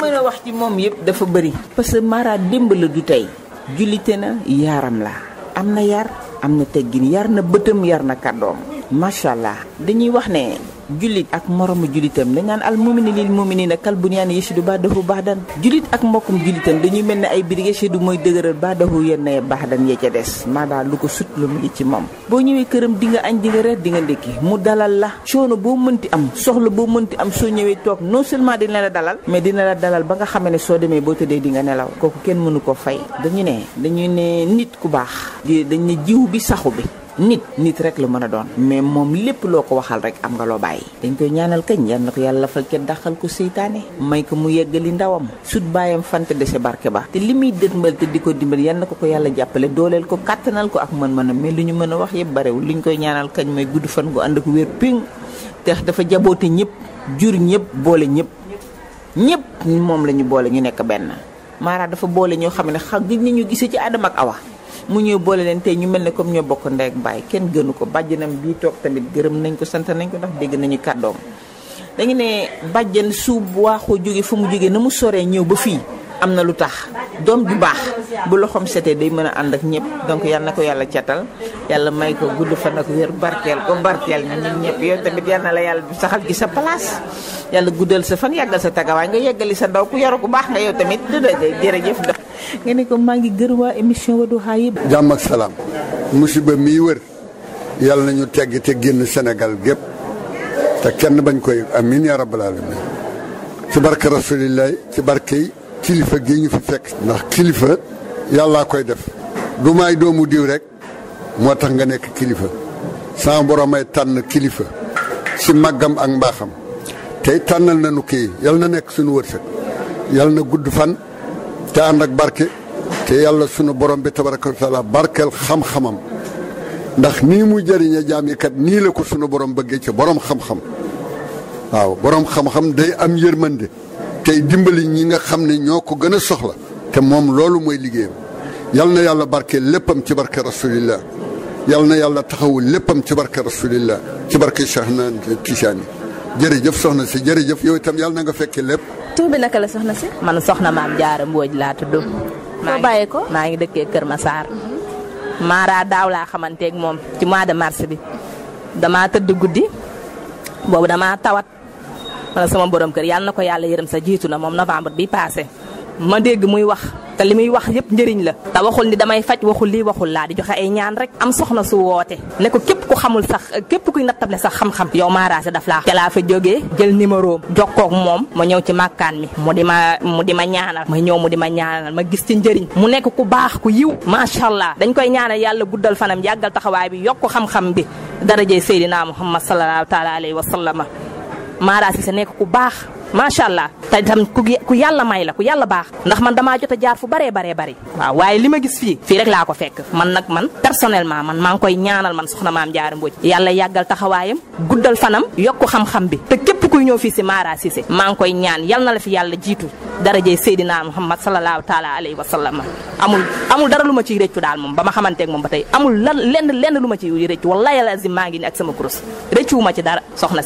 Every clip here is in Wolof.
mën a wax ci moom yëpp dafa bëri parce que mara démb la du tey jullite na yaram la am na yar am na teggin yar na bëtam yar na kàddoom macha allah dañuy wax ne jullit ak moroomu jullitam dañ naan al mumini lil mumini na kal bunyaan yashuddu ba'dahu ba'dan jullit ak mbokkum jullitam dañuy mel ne ay biir yashuddu mooy dëgëral ba'dahu yenn ba'dan ya ca des maanaam lu ko sut lu mu ngi ci moom boo ñëwee këram di nga añ di nga reer di nga ndékki mu dalal la coono boo mënti am soxla boo mënti am soo ñëwee toog noo seulement dina la dalal mais dina la dalal ba nga xamee ne soo demee boo tëddee di nga nelaw kooku kenn mënu ko fay dañu ne dañu ne nit ku baax dañ ne jiw bi saxu bi nit nit rek la mën a doon mais moom lépp loo ko waxal rek am nga loo bàyyi dañ koy ñaanal kañ yal na ko yàlla lafal ca daxal ko seytaane may ko mu yeggali ndawam sut baayam fante de sa barke ba te li muy dëtmal te di ko dimbal yal na ko ko yàlla jàppale dooleel ko kàttanal ko ak mën-mënam mais li ñu mën a wax yëpp barewul li ñu koy ñaanal kañ may gudd fan gu ànd ak wér ping te dafa jaboote ñëpp jur ñëpp boole ñëpp ñëpp moom la ñu boole ñu nekk benn Mara dafa boole ñoo xam ne xam gis nañu gisee ci Adama ak Awa mu ñëw boole leen tay ñu melni comme ñoo bokk ndey ak bàyyi kenn gënu ko bajjanam bi tok tamit gërem nañ ko sant nañ ko ndax dégg nañu kàddoom dañu ne bajjan su waaxoo jóge fu mu jóge na mu soree ñëw ba fi amna na lu tax doom ju baax bu loxom sété day mëna and ak ñepp donc yal nako yalla yàlla yalla may ko gudd fa nak wër barkel ko barkel ñu ñi ñepp yow tamit yalla la yalla saxal gi sa place yalla guddal sa fan yagal sa tagaway nga yegali sa ndaw ku yaroku ku baax nga yow tamit dëdë jërëjëf nga maa ngi gër émission Wadduha yi. jàmm ak salaam musiba mii wër yàlla nañu tegg te génn senegal gépp te kenn bañ koy amin ya rabbal alamin ci barke rasulillah ci barke yi kilifa gi ñu fi fekk. ndax kilifa yàllaa koy def. du may doomu diw rekk moo tax nga nekk kilifa sama borom tànn kilifa ci màggam ak mbaaxam tey tànnal nañu kii yal na nekk suñu wërsëg yal na gudd fan. te ànd ak barke te yàlla sunu borom bi tabaraka wa taala barkeel xam-xamam ndax nii muy jëriñee jaam nii la ko sunu borom bëggee ci borom xam-xam waaw borom xam-xam day am yërmande tey dimbali ñi nga xam ne ñoo ko gën a soxla te moom loolu mooy liggéeyam yal na yàlla barkeel léppam ci barke rasulillah yal na yàlla taxawul léppam ci barke rasulillah ci barke Cheikh Tijaani jërëjëf soxna si jërëjëf yow itam yal na nga fekke lépp. tur bi naka la soxna si. man soxna maam jaara Mbodj laa tudd. maa bàyyee ko maa ngi dëkkee Kër Massar. Mhm. Mara daaw laa xamanteeg moom ci mois de mars bi damaa tëdd guddi boobu damaa tawat man sama borom kër yàlla na ko yàlla yërëm sa jiitu na moom novembre bi passé ma dégg muy wax. te li muy wax yëpp njëriñ la te waxul ni damay faj waxul lii waxul laa di joxe ay ñaan rek am soxna su woote ne ko képp ku xamul sax képp kuy nattable sax xam-xam yow maaraase daf laa te laa fa jógee jël numéro jokkoog moom ma ñëw ci màkkaan mi mu di ma mu di ma ñaanal ma ñëw mu di ma ñaanal ma gis ci njëriñ mu nekk ku baax ku yiw macha allah dañ koy ñaanal yàlla guddal fanam yàggal taxawaay bi yokk xam-xam bi daraje sayidina Muhammad sallallahu taala alayhi wa sallama Mara Cissé nekk ku baax macha allah te itam ku yàlla may la ku yàlla baax ndax man damaa jot a jaar fu baree baree bari waaw waaye li ma gis fii fii rek laa ko fekk man nag man personnellement man maa ngi koy ñaanal man soxna maam Diarra Mbodj yàlla yàggal taxawaayam guddal fanam yokk xam-xam bi te képp kuy ñëw fii si Mara Cissé maa ngi koy ñaan yal na la fi yàlla jiitu darajey Seydina Muhammad sallallahu taala alayhi wa sallam amul amul dara lu ma ciy rëccu daal moom ba ma xamanteeg moom ba tey amul lan lenn lenn lu ma ciy rëccu wallahi lazim maa ngi ni ak sama kurus rëccuwuma ci dara soxna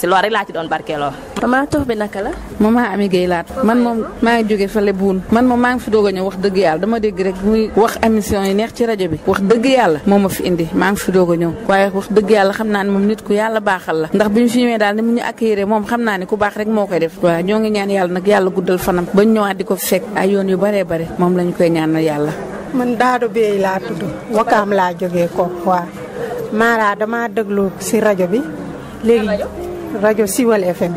alors. maman tur bi naka la. maman Ami Guèye laat man moom maa ngi jóge fële buun man moom maa ngi fi doog a ñëw wax dëgg yàlla dama dégg rek muy wax émission yi neex ci rajo bi wax dëgg yàlla moo ma fi indi maa ngi fi doog a ñëw waaye wax dëgg yàlla xam naa ne moom nit ku yàlla baaxal la ndax bi ñu fi ñëwee daal ni mu ñu accueillir moom xam naa ne ku baax rek moo koy def waaw ñoo ngi ñaan yàlla nag yàlla guddal fanam ba ñëwaat di ko fekk ay yoon yu baree bare moom lañ koy ñaanal yàlla man Daado Bey laa tudd wakaam laa jógee ko waaw Mara dama déglu si rajo Siwal FM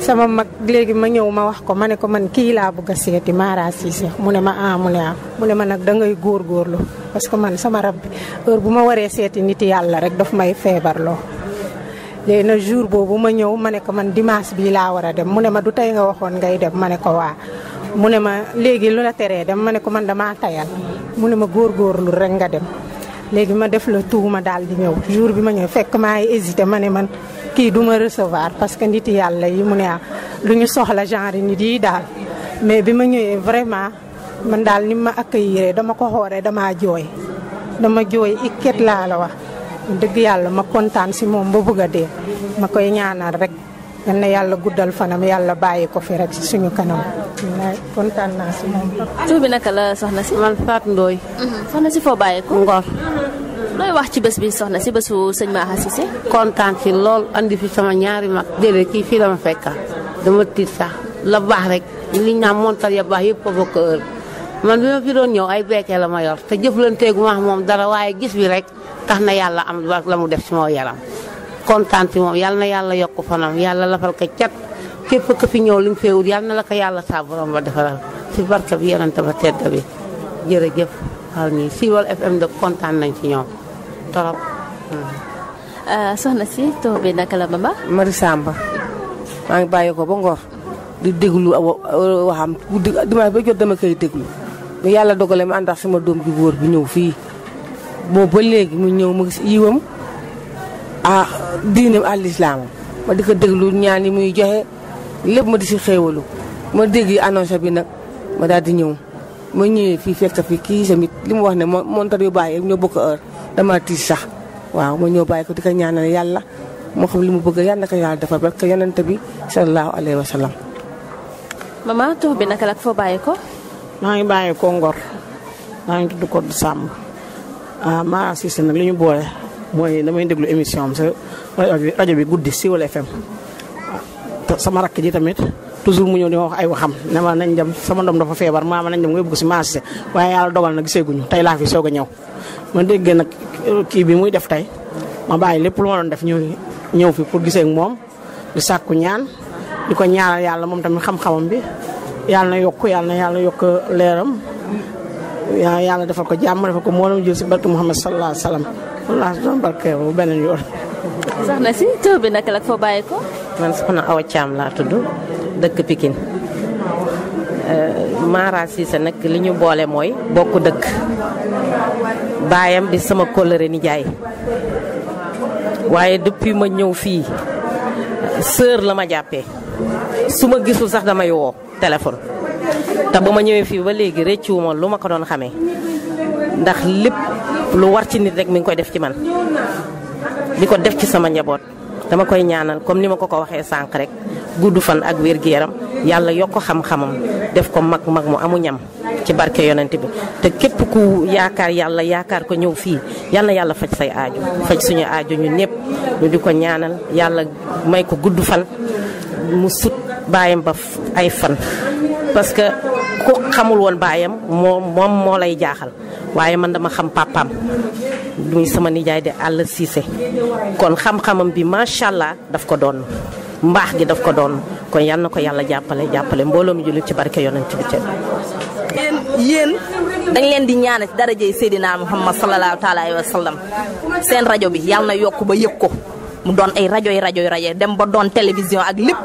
sama mag léegi ma ñëw ma wax ko ma ne ko man kii laa bëgg a seeti Mara Cissé mu ne ma ah mu ne ah ma nag da ngay góorlu parce que man sama rab bi heure bu ma waree seeti nit yàlla rek daf may feebarloo. léegi nag jour boobu ma ñëw ma ne ko man dimanche bii laa war a dem mu ne ma du tey nga waxoon ngay dem ma ne ko waa mu ne ma léegi lu la teree dem ma ne ko man damaa tayal mu ne ma góor góorgóorlu rek nga dem. léegi ma def la tuuma daal di ñëw kii du ma recevoir parce que nit yàlla yi mu ne lu ah, ñu soxla genre nit yi daal mais bi ma ñëwee vraiment man daal ni ma accueillir dama ko xooree dama jooy dama jooy ikket laa la wax dëgg yàlla ma kontaan si moom ba bëgg dee ma koy ñaanal rek yal na yàlla guddal fanam yàlla bàyyi ko fi rek suñu kanam kontaan naa si moom. tur bi naka la soxna si man Fatou Ndoye. Mm-hmm. soxna si foo bàyyi ko Ngor. loy wax ci bés bi soxna ci bésu seigne ma hassise content ci lol andi fi sama ñaari mak dede ki fi dama fekka dama tit sax la bax rek li ñam montal ya bax yëpp bokk heure man bima fi doon ñew ay beekee la ma yor te gu ma mom dara waye gis bi rek tax na yàlla am la mu def ci mo yaram kontaan mom yalla na yalla yok fanam yalla la fal ko e ciat képp ka fi ñew lim feewul yalla na la ko yalla sa borom ba defal ci barka bi yonante ba tedda bi jere jërëjëf waaw ni siwal FM de kontaan nañ ci ñoom torop eh, soxna si taw bi naka la Bamba. Mari Samba maa ngi bàyyi ko ba di déglu waxam dimanche ba jot dama koy déglu bu yàlla dogale ma ànd ak sama doom ju góor bi ñëw fii boobu ba léegi mu ñëw ma gis yiwam ah diinam al ma di ko déglu ñaan muy joxe lépp ma di si xéewalu ma dégg annonce bi nag ma daal di ñëw ma ñëwee fii fekk fi kii tamit li mu wax ne montar yu bàyyi ñoo bokk heure dama tiis sax waaw ma ñëw bàyyi ko di ko ñaanal yàlla moo xam li mu bëgg yàlla ko yàlla defal barke yonent bi sallallahu alayhi wa sallam. maman bi naka la foo bàyyi ko. maa ngi bàyyi ko maa ngi tudd Codé Samb ah maa Cissé nag li ñu boole mooy damay déglu émission am sa rajo bi guddi Siwal FM ah, sama rakk ji tamit. toujours mu ñëw di ma ay waxam ne ma nañ dem sama doom dafa feebar maama nañ dem nga yóbbu ko si marché waaye yàlla dogal na giseeguñu tey laa fi soog a ñëw ma dégg nag kii bi muy def tey ma bàyyi lépp lu ma doon def ñu ñëw fi pour gisee ak moom di sàkku ñaan di ko ñaanal yàlla moom tamit xam-xamam bi yàlla na yokk yàlla na yàlla yokk leeram yàlla defal ko jàmm defal ko mboolem jël si barke Muhammad sallallahu alayhi wa sallam wallaahi doon barke bu beneen yoon. soxna si taw bi naka la ko fa bàyyi ko. man soxna Awa Thiam laa tudd dëkk Pikine. Euh, Mara Cissé nag li ñu boole mooy bokk dëkk baayam di sama kóllëre nijaay waaye depuis ma ñëw fii sœur la ma jàppee su ma gisul sax damay woo téléphone te ba ma ñëwee fii ba léegi rëccuwuma lu ma ko doon xame ndax lépp lu war ci nit rek mi ngi koy def ci man di ko def ci sama njaboot dama koy ñaanal comme ni ma ko ko waxee sànq rekk gudd fan ak wér gu yaram yàlla yokk xam-xamam def ko mag mag mu amu ñam ci barke yonent bi te képp ku yaakaar yàlla yaakaar ko ñëw fii yal yàlla faj say aaju faj suñu aaju ñu ñëpp ñu di ko ñaanal yàlla may ko gudd fan mu sut baayam ba ay fan parce que ku xamul woon baayam moom moom moo lay jaaxal waaye man dama xam papaam muy sama nijaay di àll siise kon xam-xamam bi macha allah daf ko doon mbaax gi daf ko doon kon yal na ko yàlla jàppale jàppale mbooloo mi jullit ci barke yonent bi yéen yéen dañ leen di ñaanal ci darajey Seydina Muhammad sallallahu taala alayhi wa sallam seen rajo bi yàlla na yokk ba yëg ko mu doon ay rajo yi rajo yi rajo dem ba doon télévision ak lépp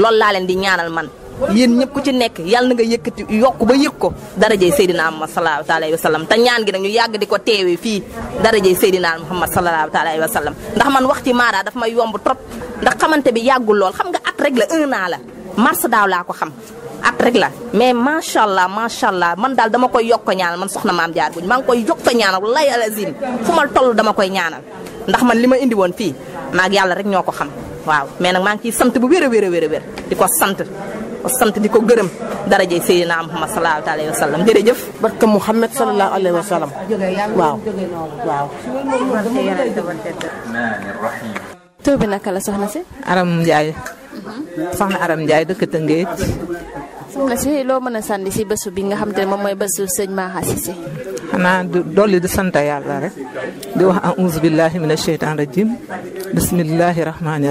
loolu laa leen di ñaanal man. yéen ñëpp ku ci nekk yàlla na nga yëkkati yokk ba yëg ko darajey Seydina Muhammad sallallahu taala alayhi wa sallam te ñaan gi nag ñu yàgg di ko teewee fii darajey Seydina Muhammad sallallahu taala alayhi wa sallam ndax man wax ci Mara daf may yomb trop ndax xamante bi yàggul lool xam nga at rek la un an la mars daaw laa ko xam at rek la mais macha allah macha allah man daal dama koy yokk ñaanal man soxna maam jaar buñ maa ngi koy yokk ñaanal wallahi alazim fu ma toll dama koy ñaanal ndax man li ma indi woon fii maag yàlla rek ñoo ko xam waaw mais nag maa ngi ciy sant bu wér a wér a wér a wér di ko sant sant di ko gërëm daraje Seydina Muhammad sallallahu alayhi wa sallam jërëjëf. barke Muhammad sallallahu alayhi wa sallam waaw bi naka la soxna si. Aram Ndiaye. soxna Aram Ndiaye dëkk Tëngéej. soxna si loo mën a sànni si bésu bi nga xam te ne moom mooy bésu sëñ Maha Cissé. xanaa dolli di sant yàlla rek. di wax a'uuzu billaahi mina sheytaani rajiim. bismillaahi rahmaani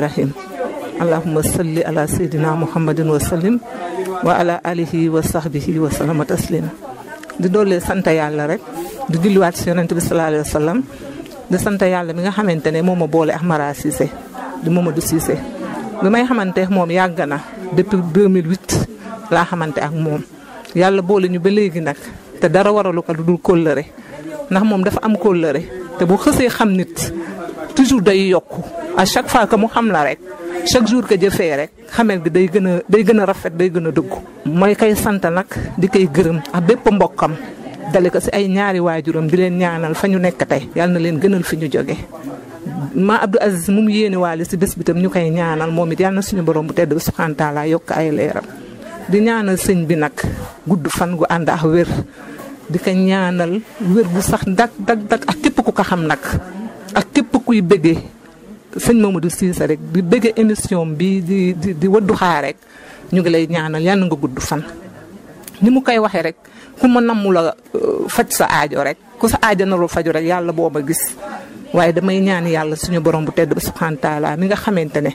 allahuma salli ala sayyidina muhammadin wa sallim wa ala alihi wa sahbihi wa sallama taslima di doolee sant yàlla rek di julliwaat si yonent bi sallallahu alayhi wa sallam di sant yàlla mi nga xamante ne moom ma boole ak Mara Cissé di Mamadou Cissé bi may xamante moom yàgg na depuis 2008 laa xamante ak moom yàlla boole ñu ba léegi nag te dara waralu ko lu dul kóllëre ndax moom dafa am kóllëre te bu xësee xam nit toujours day yok à chaque fois que mu xam la rek chaque jour que fais rek xamel gi day gëna day gëna rafet day gëna dugg moy kay sant nak di kay gërëm ak bép mbokam dalé ko ci ay ñaari wajurum di len ñaanal fañu nekk tay yalla na len gënal fi joggé ma abdou aziz mum yéene walé ci bës bitam ñukay ñaanal momit yalla na suñu borom bu tedd subhanahu ta'ala yok ay leeram di ñaanal señ bi nak gudd fan gu and ak wër di ka ñaanal wër bu sax dak dak dak ak képp ku ko xam nak ak képp kuy bëggee sëñ du Cissé rek bi bëggee émission bi di di di Wadduha rek ñu ngi lay ñaanal yàlla nga gudd fan. ni mu koy waxee rek ku ma namm la euh, faj sa aajo rek ku sa aajo narul faju rek yàlla boo ma gis waaye damay ñaani yàlla suñu borom bu tedd ba subhaana taala mi nga xamante ne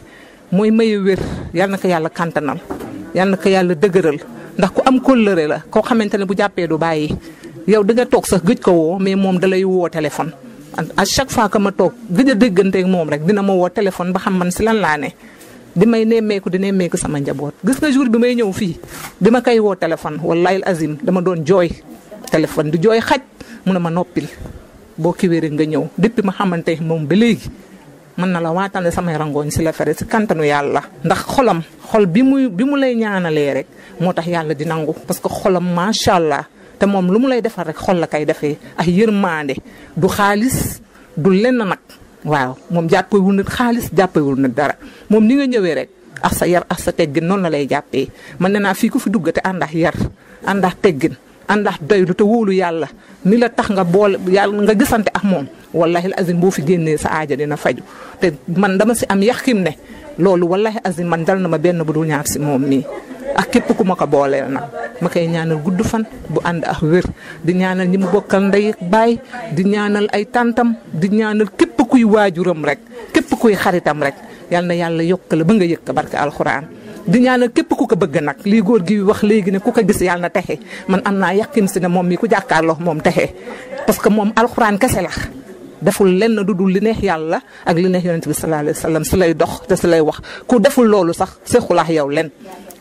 mooy maye wér yàlla na ko yàlla kantanal yàlla na ko yàlla dëgëral ndax ku am kóllëre la koo xamante ne bu jàppee du bàyyi yow di nga toog sax gëj ko woo mais moom da woo téléphone. à chaque fois que a toog gëj a dégganteeg moom rek dina ma woo téléphone ba xam man si lan laa ne di may nemmeeku di nemmeeku sama njaboot gis nga jour bi may ñëw fii bi ma koy woo téléphone wallahi azim dama doon jooy téléphone di jooy xaj mu ne ma noppil boo kiwee rek nga ñëw dépp ma xamante moom ba léegi mën na la waatal ne samay rangooñ si la fere si kantanu yàlla ndax xolam xol bi muy bi mu lay ñaanalee rek moo tax yàlla di nangu parce que xolam macha allah te moom lu mu lay defal rek xol la kay defee ak yërmande du xaalis du lenn nag waaw moom jàppewul nit xaalis jàppewul na dara moom ni nga ñëwee rek ak sa yar ak sa teggin noonu la lay jàppee man ne naa fii ku fi dugg te ànd ak yar ànd teggin ànd ak doylu te wóolu yàlla mi la tax nga boole yàlla nga gisante ak moom wallahi azim boo fi génnee sa aaja dina faju te man dama si am yaxim ne loolu wallahi azim man dal na ma benn bu dul ñaar si moom mii ak képp ku ma ko booleel nag ma koy ñaanal gudd fan bu ànd ak wér di ñaanal ñi mu bokkal ndey baay di ñaanal ay tàntam di ñaanal képp kuy waajuram rek képp kuy xaritam rek yal na yàlla yokk ba nga yëkk barke alxuraan di ñaanal képp ku ko bëgg nag lii góor gi wax léegi ne ku ko gis yàlla texe man am naa yaqin si ne moom mi ku jàkkaarloo moom texe parce que moom alxuraan kese la deful lenn du dul li neex yàlla ak li neex bi sallallahu alayhi wa sallam si lay dox te si lay wax ku deful loolu sax seexulaax yow lenn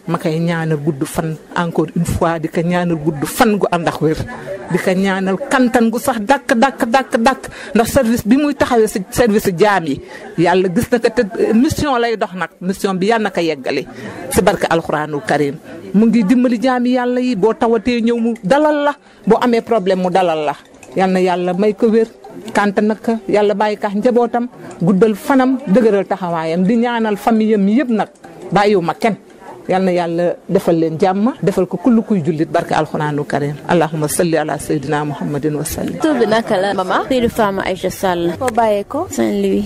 ma koy ñaanal gudd fan encore une fois di ko ñaanal gudd fan gu ànd ak wér di ko ñaanal kantan gu sax dakk dàkk dàkk dàkk ndax service bi muy taxawee si service jaam yi yàlla gis na ko te mission lay dox nag mission bi yàlla na ko yeggale si barke alxuraanul karim mu ngi dimbali jaam yi yàlla yi boo tawatee ñëw mu dalal la boo amee problème mu dalal la yàlla na yàlla kante nag yàlla bàyyi kax njabotam guddal fanam dëgëral taxawayam di ñaanal famiyam yeb nak nag bàyyiwuma kenn. yal na yàlla defal leen jàmm defal ko kullu kuy jullit barke alxuraanu karim allahumma salli ala sayyidina muhammadin wa sallim. tur bi naka la mama. Seydou Fama Aïcha Sall. foo bàyyee ko. Saint-Louis.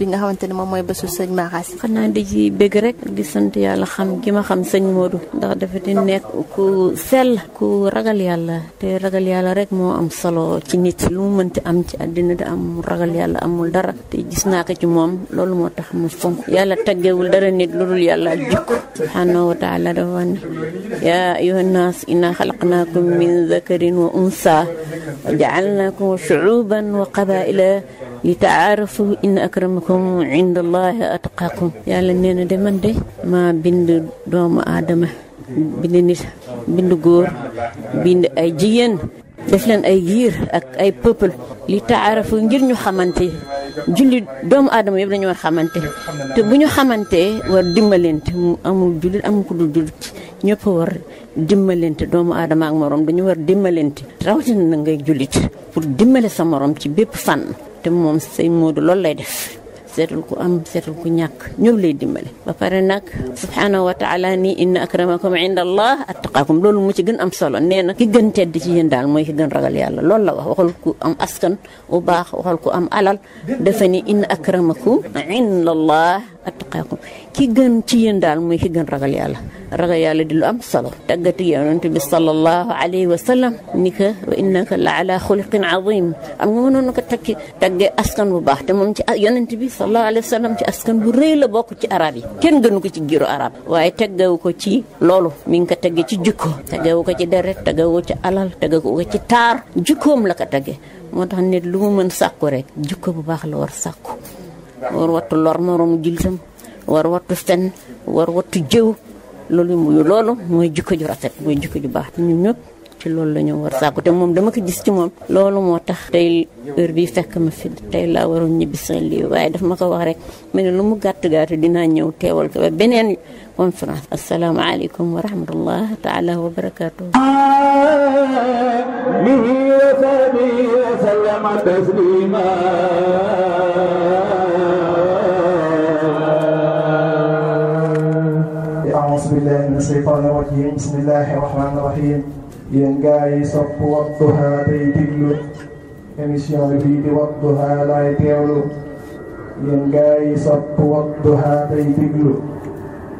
bi nga xamante ne moom mooy bésu sëñ Mara Sy. xanaa di ci bëgg rek di sant yàlla xam ki ma xam sëñ Modou ndax dafa di nekk ku sell ku ragal yàlla te ragal yàlla rek moo am solo ci nit lu mu mënti am ci àddina da am ragal yàlla amul dara te gis naa ko ci moom loolu moo tax mu fonk yàlla taggewul dara nit lu dul yàlla سبحانه وتعالى دوان يا أيها الناس إنا خلقناكم من ذكر وأنثى وجعلناكم شعوبا وقبائل لتعارفوا إن أكرمكم عند الله أتقاكم يا لنين دمان دي ما بند دوم آدم بند نسا بند غور بند أي def leen ay giir ak ay peuple li taarafu ngir ñu xamante jullit doomu aadama yëpp dañoo xamante te bu ñu xamantee war dimbalante mu amul jullit amul ku dul jullit ñëpp war dimbalante doomu aadama ak morom dañu war dimbalante rawatina na ngay jullit pour dimbale sa moroom ci bépp fànn te moom say moodu loolu lay def seetul ku am seetul ku ñàkk ñoom lay dimbale ba pare nag subhaanahu wa taala ni inna akramakum inda allah attaqaakum loolu mu ci gën am solo nee na ki gën tedd ci yéen daal mooy ki gën ragal yàlla loolu la wax waxal ku am askan bu baax waxal ku am alal dafa ni inna akramakum inda allah attaqaakum ki gën ci yéen daal mooy ki gën ragal yàlla ragal yàlla di lu am solo tàggati yonent bi sallallahu alayhi wa sallam ni ka wa innaka la ala xuliqin azim am nga mënoon ko takki taggee askan bu baax te moom ci yonent bi sallallahu alayhi wa sallam ci askan bu rëy la bokk ci arab yi kenn gënu ko ci giiru arab waaye teggewu ko ci loolu mi ngi ko teggee ci jukko teggewu ko ci deret teggewu ko ci alal teggewu ko ci taar jukkoom la ko teggee moo tax nit lu mu mën sàkku rek jukko bu baax la war sàkku war wattu lor moromu jullitam war wattu fen war wattu jëw loolu muy loolu mooy jikko ju rafet mooy jikko ju baax te ñun ñëpp ci loolu la ñu war sàkku te moom dama ko gis ci moom loolu moo tax tey heure bi fekk ma fi tey laa waroon ñibbi seen waaye daf ma ko wax rek ma ne lu mu gàtt gàtt dinaa ñëw teewal ko beneen conférence asalaamaaleykum wa rahmatullah taala wa barakaatu bihi wa sahbihi sallama taslima mina seytaan irrajim bismillahi irrahmani irrahim yéen gaa yi sopp Wadduha tey diglu émission bii di Wadduha laay teewlu yéen gaa yi sopp Wadduha tey diglu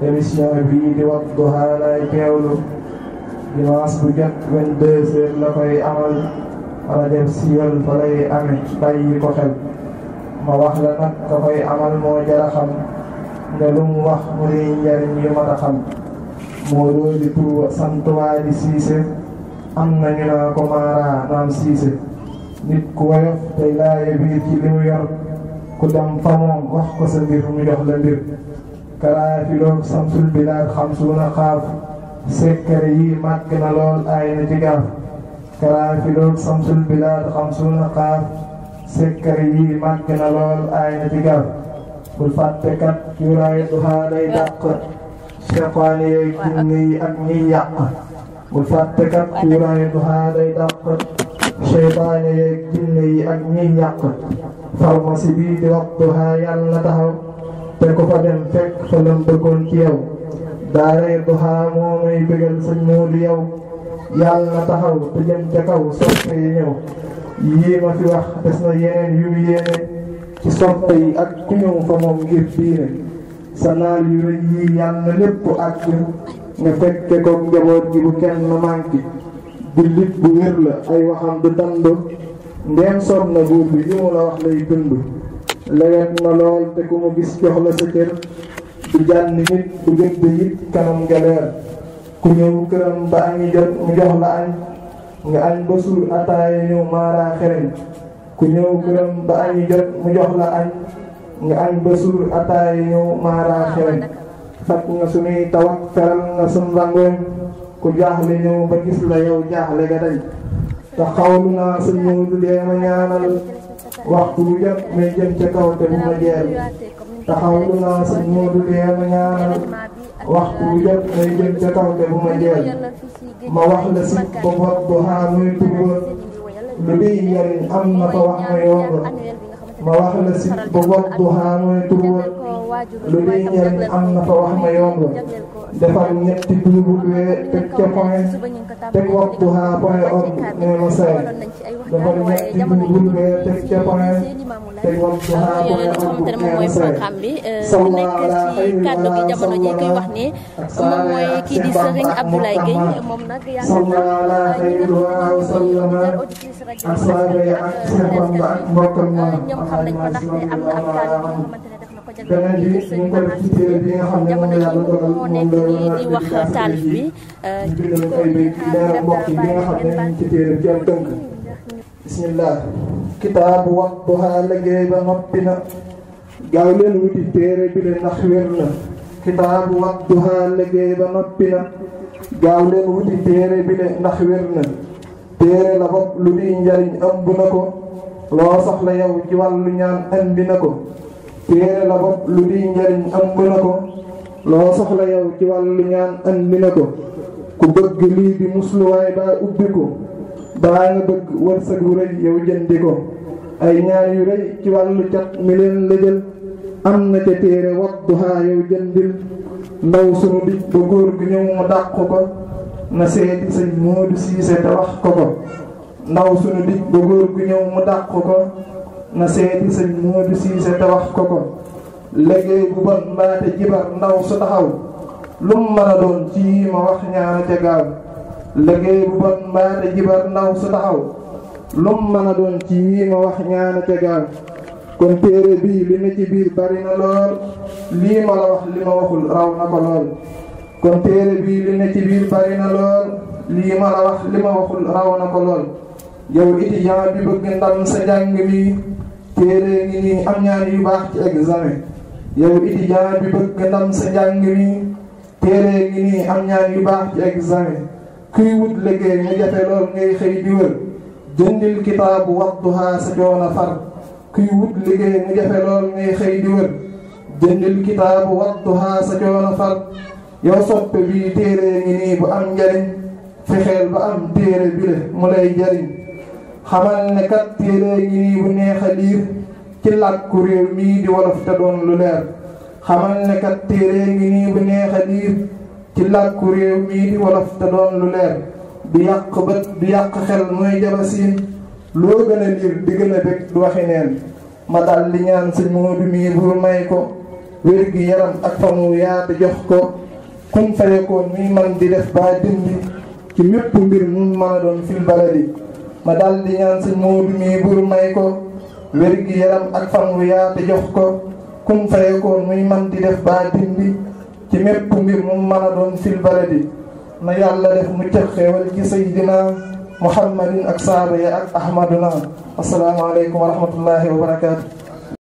émission bii di Wadduha laay teewlu dimanche bu jot 22h la koy amal wala def siiwal fa lay amee bàyyi ko xel ma amal moo jar ne lu wax mu lay njariñ yu mat a moo doon di tur wa sant waay di siise am nañu naa ko maara naam siise nit ku woyof tey laaye biir ci limu yor ku dem fa moom wax ko sa mu jox la mbir karaay filoog samsul bilaad xam suuna xaaf sekkare yi màgg na lool ay na ci gaaf karaay filoog samsul bilaad xam suuna xaaf sekkare yi màgg na lool ay na ci gaaf fàtte kat yu raay du xaa day dàq seytaane yeeg jinne yi ak ñiy yàq bu fàtte kat cuuraayu duhaa day dàq seytaane yeeg jinne yi ak ñiy yàq pharmacie bii di Wadduha yàlla taxaw te ku fa dem fekk fa lam bëggoon ci daaray duha moo may bëggal sëñ Moodu yow yàlla taxaw te jëm ca kaw soppe yi yii ma fi wax des na yeneen yu yéene ci soppe ak ku ñëw fa moom ngir diine sa naal yu rëy yi yàlla na lépp àgg nga fekke ko njaboot gi bu kenn manqué jullit bu wér la ay waxam du dandu ndeen soob na buur bi li la wax lay dund lewet na lool te ku mu gis jox la sa kër du jànn nit du gëdd ba añi jot mu ku ñëw këram ba añi jot mu jox la añ ñu añ ba ataay ñu maara ah, xereñ nga suñuy tawat nga sun rangoñ ku jaaxle ñëw ba gis la yow jaaxle ga day te xawlu naa sa ñëw du waxtu bu may jëm ca kaw te bu ma jeel te xawlu naa waxtu bu may jëm ca kaw te ma wax la si ba bopp ba xaar muy turba lu dee am na fa wax ma yomb Malah pada la si ba wadduha mooy tur wa lu dee njariñ am na fa wax ma yoon wa defal ñetti duubu wee teg ca point teg wadduha point org nee ma say defal ñetti duubu wee teg ca point teg wadduha point org nee ma say sawla ak saaba yi ak la waaw beneen bi ñu ngi ko def ci téere bi xam ne la di wax taalif bi ci biiram ay yi nga xam ne ñu ci téere bi am tënk bismillah kitaabu Wadduha liggéey ba ba noppi na ndax téere la bopp lu luy njariñ ëmb na ko loo soxla yow ci wàllu ñaan ëmbi na na ko loo soxla yow ci wàllu ñaan ëmbi na ko ku bëgg lii di musluwaay baa ubbi ko baa nga bëgg wërsëg wu rëy yow jëndi ko ay ñaan yu rëy ci wàllu cat mi leen la jël am na ca téere Wadduha yow jëndil ndaw sunu bij ba góor gi ñëw dàq ko na seeti sëñ Moodu Siise te wax ko ko ndaw suñu dij ba góor gu ñëw mu dàq ko na seeti sëñ Moodu Siise te wax ko ko liggéey bu bon mbaate jibar ndaw su taxaw lu mu doon ci ma wax ñaana ca gaaw a doon ci ma wax ñaana ca gaaw kon téere bii li na ci biir bari na lool lii ma la wax li ma waxul raw na ko lool kon téere bii li ne ci biir bari na lool lii ma la wax li ma waxul raw na ko lool yow étudiant bi bëgg ndam sa jàng mi téere ngi nii am ñaan yu baax ci examen yow étudiant bi bëgg ndam sa jàng mi téere ngi nii am ñaan yu baax ci examen kuy wut liggéey mu jafe lool ngay xëy di jëndil kitaabu Wadduha sa joon a far kuy wut liggéey mu jafe lool ngay xëy di jëndil kitaabu Wadduha sa joon far yow soppe bii téere ngi nii bu am njariñ fexeel ba am téere bi la mu lay njariñ xamal ne kat téere ngi nii bu neex a liir ci làkku réew mii di wolof te doon lu leer kat téere a liir ci làkku réew di lu leer yàq bët di yàq xel mooy jabasin loo gën a liir di gën a bëgg du waxi ma dal di ñaan sëñ Moodu mii buur may ko wér gi yaram ak famu yaatu jox ko kum fayekoon muy man di def ba dindi ci mépp mbir mu mën doon fil baladi ma dal di ñaan sëñ Moodu mii bur may ko wér yaram ak fan wu yaate ko kum fayekoon muy man di def ba dindi ci mépp mbir mu mën doon fil baladi na yàlla def mu cëx xéewal ci saydina muhammadin ak saaba ya ak ahmaduna asalaamaaleykum wa rahmatullahi wa barakaatu